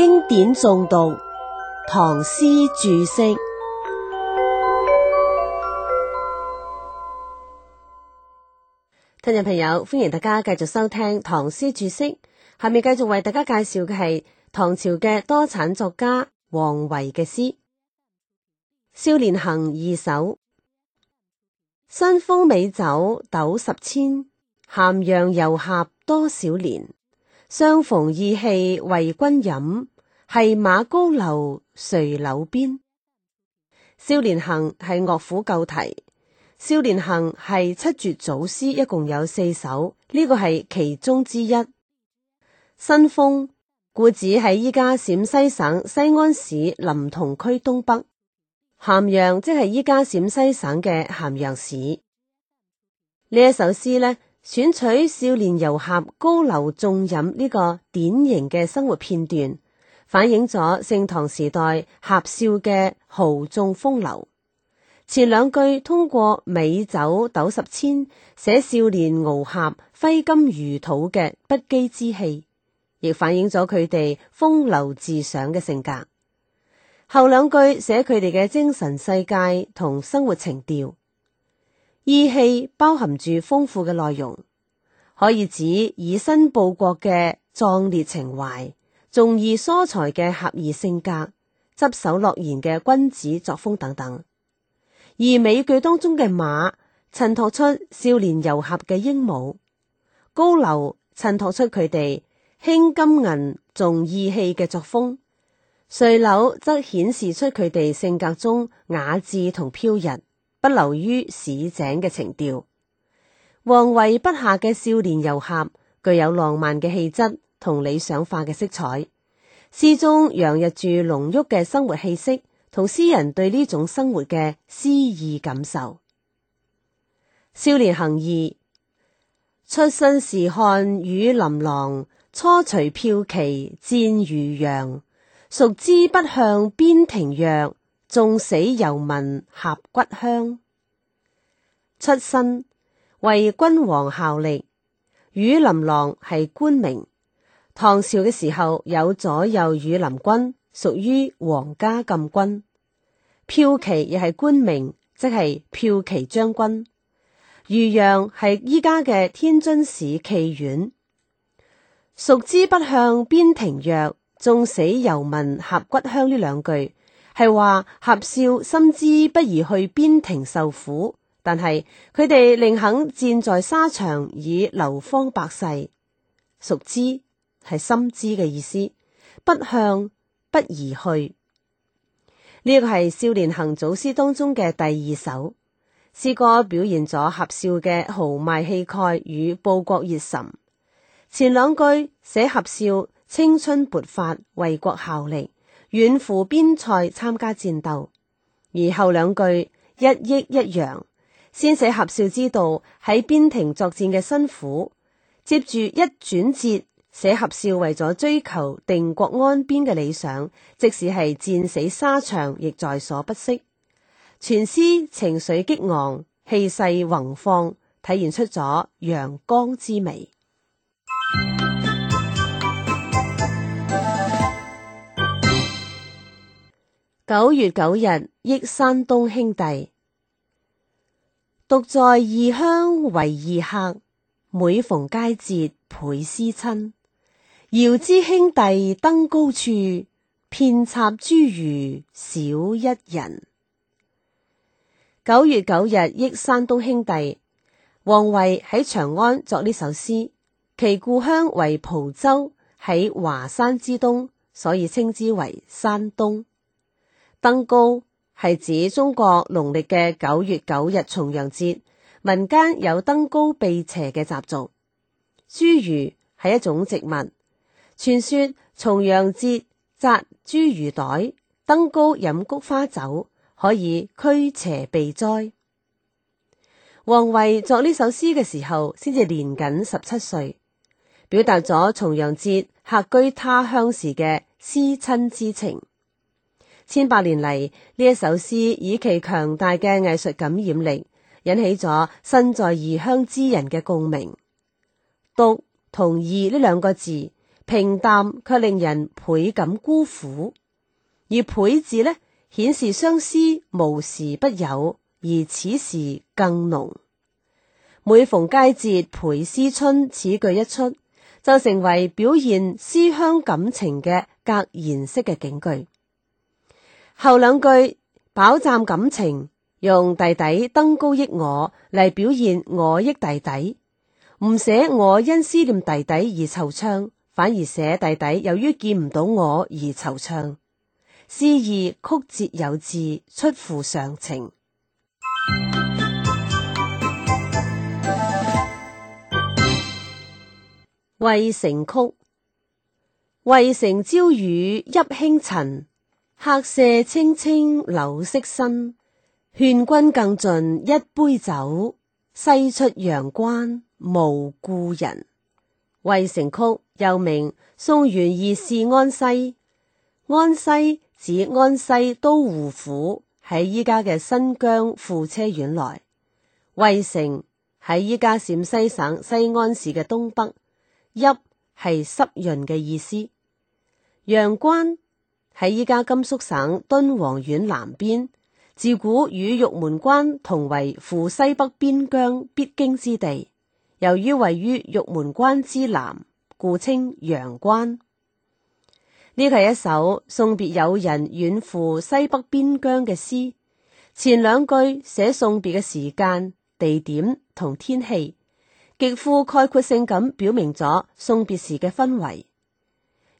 經典誦讀，唐詩注釋。聽眾朋友，歡迎大家繼續收聽《唐詩注釋》，下面繼續為大家介紹嘅係唐朝嘅多產作家王維嘅詩《少年行二首》：新豐美酒斗十千，咸陽游俠多少年。相逢意氣為君飲，繫馬高樓垂柳邊。少年行係樂府舊題，少年行係七絕組詩，一共有四首，呢個係其中之一。新豐故址喺依家陝西省西安市臨潼區東北，咸陽即係依家陝西省嘅咸陽市。呢一首詩呢。選取少年游俠高樓縱飲呢個典型嘅生活片段，反映咗盛唐時代俠少嘅豪縱風流。前兩句通過美酒斗十千寫少年遨俠揮金如土嘅不羈之氣，亦反映咗佢哋風流自賞嘅性格。後兩句寫佢哋嘅精神世界同生活情調。義氣包含住豐富嘅內容，可以指以身報國嘅壯烈情懷，重義疏財嘅俠義性格，執守諾言嘅君子作風等等。而美句當中嘅馬，襯托出少年游俠嘅英武；高樓襯托出佢哋輕金銀重義氣嘅作風；垂柳則顯示出佢哋性格中雅致同飄逸。不流於市井嘅情調，王維筆下嘅少年游俠具有浪漫嘅氣質同理想化嘅色彩。詩中洋溢住濃郁嘅生活氣息，同詩人對呢種生活嘅詩意感受。少年行二，出身仕漢羽林郎，初隨驃騎戰漁陽，熟知不向邊庭藥。縱死猶聞俠骨香。出身為君王效力，羽林郎係官名。唐朝嘅時候有左右羽林軍，屬於皇家禁軍。驃騎亦係官名，即係驃騎將軍。漁陽係依家嘅天津市薊縣。孰知不向邊庭約，縱死猶聞俠骨香呢兩句。係話俠少心知不宜去邊庭受苦，但係佢哋寧肯戰在沙場以流芳百世。熟知係心知嘅意思，不向不宜去。呢個係少年行組詩當中嘅第二首詩歌，表現咗俠少嘅豪邁氣概與報國熱忱。前兩句寫俠少青春勃發為國效力，遠赴邊塞參加戰鬥，而後兩句一抑一揚，先寫合少之道喺邊庭作戰嘅辛苦，接住一轉折寫合少為咗追求定國安邊嘅理想，即使係戰死沙場亦在所不惜。全詩情緒激昂，氣勢宏放，體現出咗陽剛之美。九月九日憶山東兄弟，獨在異鄉為異客，每逢佳節倍思親。遙知兄弟登高處，遍插茱萸少一人。九月九日憶山東兄弟，王維喺長安作呢首詩，其故鄉為蒲州，喺華山之東，所以稱之為山東。登高係指中國農曆嘅九月九日重陽節，民間有登高避邪嘅習俗。茱萸係一種植物，傳說重陽節摘茱萸袋，登高飲菊花酒，可以驅邪避災。王維作呢首詩嘅時候，先至年僅十七歲，表達咗重陽節客居他鄉時嘅思親之情。千百年嚟，呢一首詩以其強大嘅藝術感染力，引起咗身在異鄉之人嘅共鳴。獨同異呢兩個字平淡，卻令人倍感孤苦。而倍字呢，顯示相思無時不有，而此時更濃。每逢佳節倍思親，此句一出就成為表現思鄉感情嘅格言式嘅警句。後兩句飽佔感情，用弟弟登高憶我嚟表現我憶弟弟，唔寫我因思念弟弟而惆悵，反而寫弟弟由於見唔到我而惆悵，詩意曲折有致，出乎常情。渭城曲，渭城朝雨浥輕塵。客舍青青柳色新，勸君更盡一杯酒，西出陽關無故人。渭城曲，又名《送元二使安西》，安西指安西都護府喺依家嘅新疆庫車縣來，渭城喺依家陝西省西安市嘅東北。浥係濕潤嘅意思，陽關。喺依家甘肅省敦煌縣南邊，自古與玉門關同為赴西北邊疆必經之地。由於位於玉門關之南，故稱陽關。呢個係一首送別友人遠赴西北邊疆嘅詩。前兩句寫送別嘅時間、地點同天氣，極富概括性咁，表明咗送別時嘅氛圍。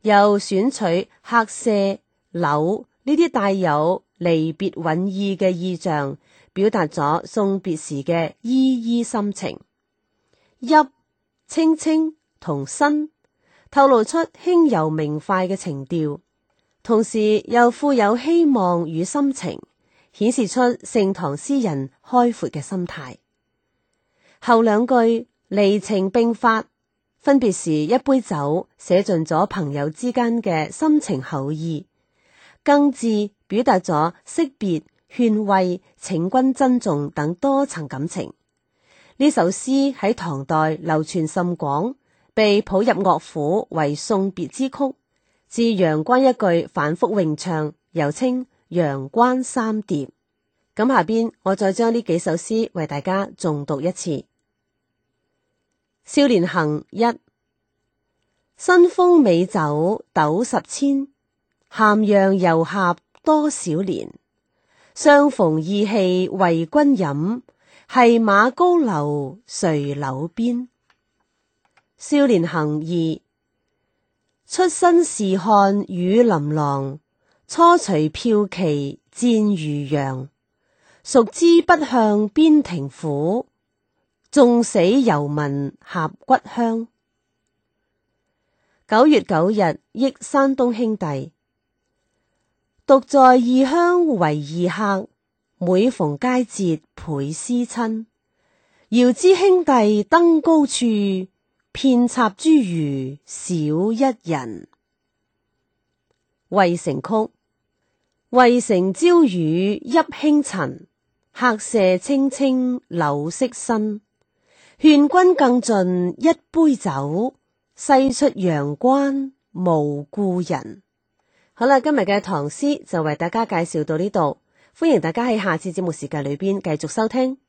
又選取客舍、柳呢啲帶有離別韻意嘅意象，表達咗送別時嘅依依心情。浥、青青同新，透露出輕柔明快嘅情調，同時又富有希望與心情，顯示出盛唐詩人開闊嘅心態。後兩句離情並發。分別是一杯酒，寫盡咗朋友之間嘅深情厚誼，更字表達咗惜別、勸慰、請君珍重等多層感情。呢首詩喺唐代流傳甚廣，被譜入樂府為送別之曲，至陽關一句反覆詠唱，又稱《陽關三疊》。咁下邊我再將呢幾首詩為大家誦讀一次。少年行一，新豐美酒斗十千，咸陽游俠多少年？相逢意氣為君飲，繫馬高樓垂柳邊。少年行二，出身仕漢羽林郎，初隨驃騎戰漁陽，熟知不向邊庭苦。縱死猶聞俠骨香。九月九日憶山東兄弟，獨在異鄉為異客，每逢佳節倍思親。遙知兄弟登高處，遍插茱萸少一人。渭城曲，渭城朝雨浥輕塵，客舍青青柳色新。勸君更盡一杯酒，西出陽關無故人。好啦，今日嘅唐詩就為大家介紹到呢度，歡迎大家喺下次節目時間裏邊繼續收聽。